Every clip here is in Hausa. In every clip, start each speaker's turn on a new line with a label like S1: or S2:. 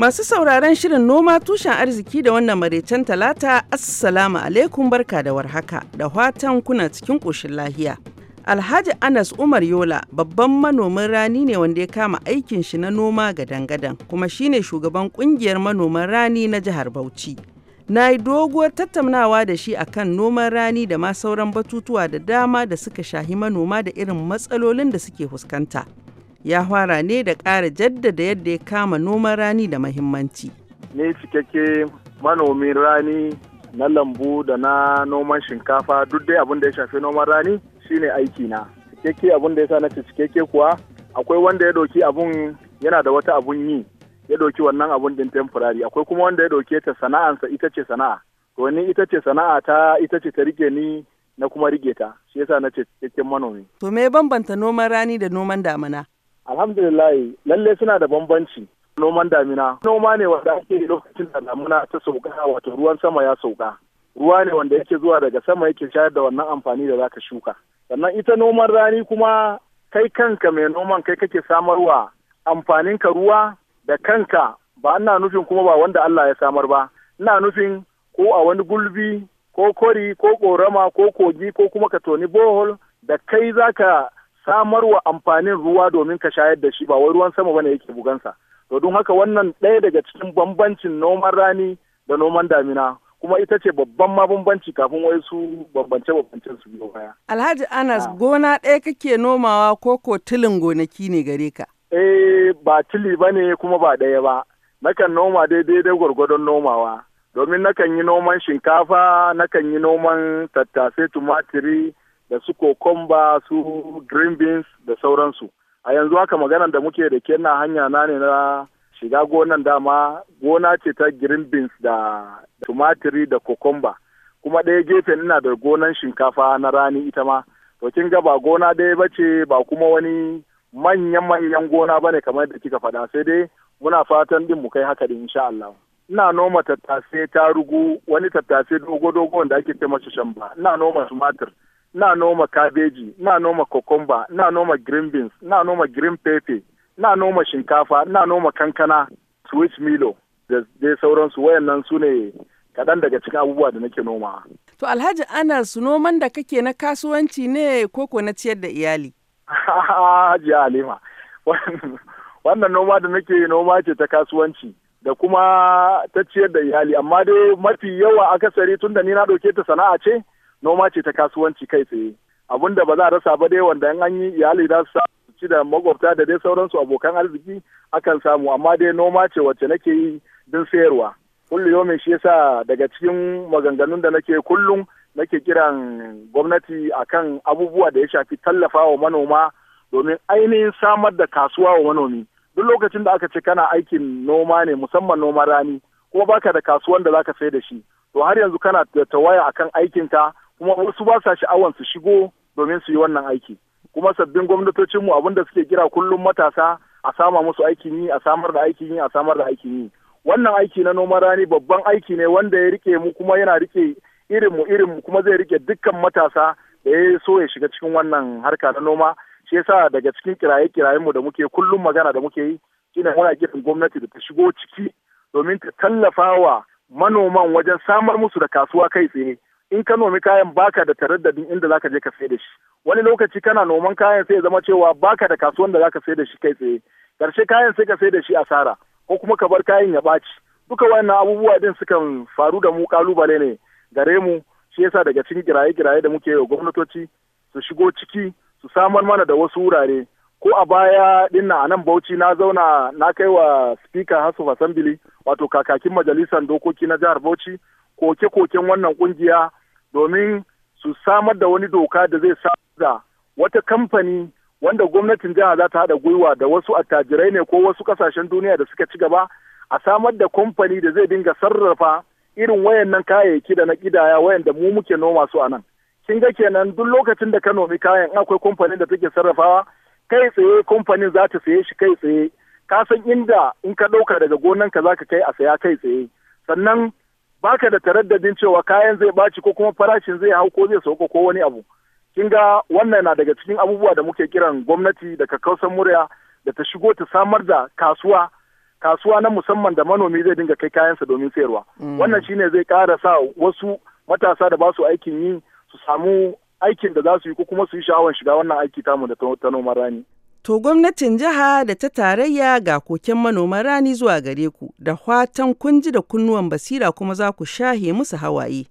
S1: Masu sauraron shirin noma tushen arziki da wannan maraicen talata assalamu alaikum barka da warhaka da watan kuna cikin ƙoshin lahiya. Alhaji Anas Umar Yola babban manomin rani ne wanda ya kama aikin shi na noma gadan-gadan kuma shine shugaban kungiyar manoman rani na jihar Bauchi. Na yi doguwar tattaunawa da shi akan noman rani da ma sauran batutuwa da dama da suka shahi manoma da irin matsalolin da suke fuskanta. ya fara ne da ƙara jaddada yadda ya kama noman rani da mahimmanci. Ni
S2: cikakke manomin rani na lambu da na noman shinkafa duk dai abin da ya shafi noman rani shine aiki na. Cikakke abin da ya sa na cikakke kuwa akwai wanda ya doki abun yana da wata abun yi ya doki wannan abun din temporary akwai kuma wanda ya doke ta sana'ansa ita ce sana'a. To ni ita ce sana'a ta ita ce ta rike ni na kuma rike ta shi yasa na ce cikakken manomi.
S1: To me bambanta noman rani da noman damina? alhamdulillah lalle suna da bambanci
S2: noman damina noma ne wanda ake lokacin da damina ta sauka wato ruwan sama ya sauka ruwa ne wanda yake zuwa daga sama yake shayar da wannan amfani da zaka shuka sannan ita noman rani kuma kai kanka mai noman kai kake samarwa amfanin ka ruwa da kanka ba ina nufin kuma ba wanda Allah ya samar ba ina nufin ko a wani gulbi ko kori ko korama ko kogi ko kuma ka toni bohol da kai zaka samarwa amfanin ruwa domin ka shayar da shi ba wai ruwan sama bane yake bugansa to don haka wannan ɗaya daga cikin bambancin noman rani da noman damina kuma ita ce babban ma bambanci kafin wai su bambance bambancen su biyo baya
S1: Alhaji Anas gona ɗaya kake nomawa ko ko tilin gonaki ne gare ka
S2: eh ba tili bane kuma ba ɗaya ba nakan noma daidai dai gwargwadon nomawa domin nakan yi noman shinkafa nakan yi noman tattasai tumatiri da su kokomba su green beans da sauransu a yanzu haka maganan da muke da na hanya na ne na shiga gonan dama gona ce ta green beans da tumatiri da kokomba kuma ɗaya gefen ina da gonan shinkafa na rani ita ma to kin ga ba gona ɗaya ba ce ba kuma wani manyan manyan gona ba ne kamar da kika faɗa sai dai muna fatan din mu kai haka din insha Allah ina noma ta tarugu wani tattase dogo dogo wanda ake ce masa shamba ina noma tumatir na noma kabeji na noma kokomba na noma green beans na noma green pepper na noma shinkafa na noma kankana sweet milo da dai sauransu wayannan su ne kaɗan daga cikin abubuwa da nake noma.
S1: To Alhaji Anas noman da kake na kasuwanci ne koko na ciyar da iyali? Haji Halima,
S2: wannan noma da nake noma ce ta kasuwanci da kuma ta ciyar da iyali, amma dai mafi yawa akasari tun da ni na ɗauke ta sana'a ce, noma ce ta kasuwanci kai tsaye abun da ba za a rasa ba dai wanda an yi iyali za su ci da magwabta da dai sauransu abokan arziki akan samu amma dai noma ce wacce nake yi din sayarwa kullum yomin shi yasa daga cikin maganganun da nake kullum nake kiran gwamnati akan abubuwa da ya shafi tallafa wa manoma domin ainihin samar da kasuwa wa manomi duk lokacin da aka ce kana aikin noma ne musamman noman rani kuma baka da kasuwan da zaka sai da shi to har yanzu kana da tawaya akan aikinka kuma wasu ba sa sha'awan su shigo domin su yi wannan aiki kuma sabbin gwamnatocinmu abin da suke kira kullum matasa a sama musu aikin yi a samar da aikin yi a samar da aikin yi wannan aiki na noman rani babban aiki ne wanda ya rike mu kuma yana rike irinmu irinmu kuma zai rike dukkan matasa da ya so ya shiga cikin wannan harka na noma shi yasa daga cikin kiraye kirayen mu da muke kullum magana da muke yi shine muna kiran gwamnati da ta shigo ciki domin ta tallafa wa manoman wajen samar musu da kasuwa kai tsaye in ka nomi kayan baka da taraddadin inda zaka je ka sai da shi wani lokaci kana noman kayan sai ya zama cewa baka da kasuwan da zaka sai da shi kai tsaye karshe kayan sai ka sai da shi asara ko kuma ka bar kayan ya ɓaci duka wannan abubuwa din sukan faru da mu kalubale ne gare mu shi yasa daga cikin giraye-giraye da muke yi gwamnatoci su shigo ciki su samar mana da wasu wurare ko a baya dinna a nan bauchi na zauna na kai wa speaker house of wato kakakin majalisar dokoki na jihar bauchi koke-koken wannan kungiya domin su samar da wani doka da zai samar da wata kamfani wanda gwamnatin jiha za ta haɗa gwiwa da wasu attajirai ne ko wasu kasashen duniya da suka ci gaba a samar da kamfani da zai dinga sarrafa irin wayannan kayayyaki da na ƙidaya wayanda mu muke noma su a nan kin ga kenan duk lokacin da ka nomi kayan akwai kamfanin da take sarrafawa kai tsaye kamfanin za ta saye shi kai tsaye ka san inda in ka ɗauka daga gonanka za ka kai a saya kai tsaye sannan baka da taraddadin cewa kayan zai baci ko kuma farashin zai hau ko zai sauka ko wani abu kin ga wannan na daga cikin abubuwa da muke kiran gwamnati da kakkausan murya da ta shigo ta samar da kasuwa kasuwa na musamman da manomi zai dinga kai kayansa domin sayarwa mm. wannan shine zai kara sa wasu matasa da ba su aikin yi su samu aikin da za su yi ko kuma su yi sha'awar shiga wannan aiki tamu da ta noman rani
S1: To gwamnatin jiha da ta tarayya ga koken manoman rani zuwa gare ku da fatan kun ji da kunnuwan basira kuma za ku shahe musu hawaye.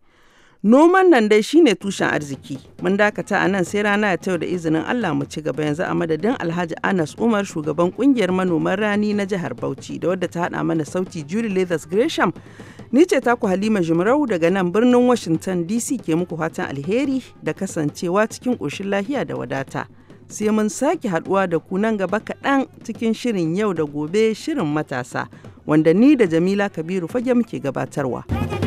S1: Noman nan dai shine tushen arziki. Mun dakata a nan sai rana ta yau da izinin Allah mu ci gaba yanzu a madadin Alhaji Anas Umar shugaban kungiyar manoman rani na jihar Bauchi da wadda ta hada mana sauti Julie Leathers Gresham. Ni ce taku Halima Jumrau daga nan birnin Washington DC ke muku fatan alheri da kasancewa cikin ƙoshin lahiya da wadata. sai mun sake haduwa da ku nan gaba kaɗan cikin shirin yau da gobe shirin matasa wanda ni da Jamila Kabiru fage muke gabatarwa.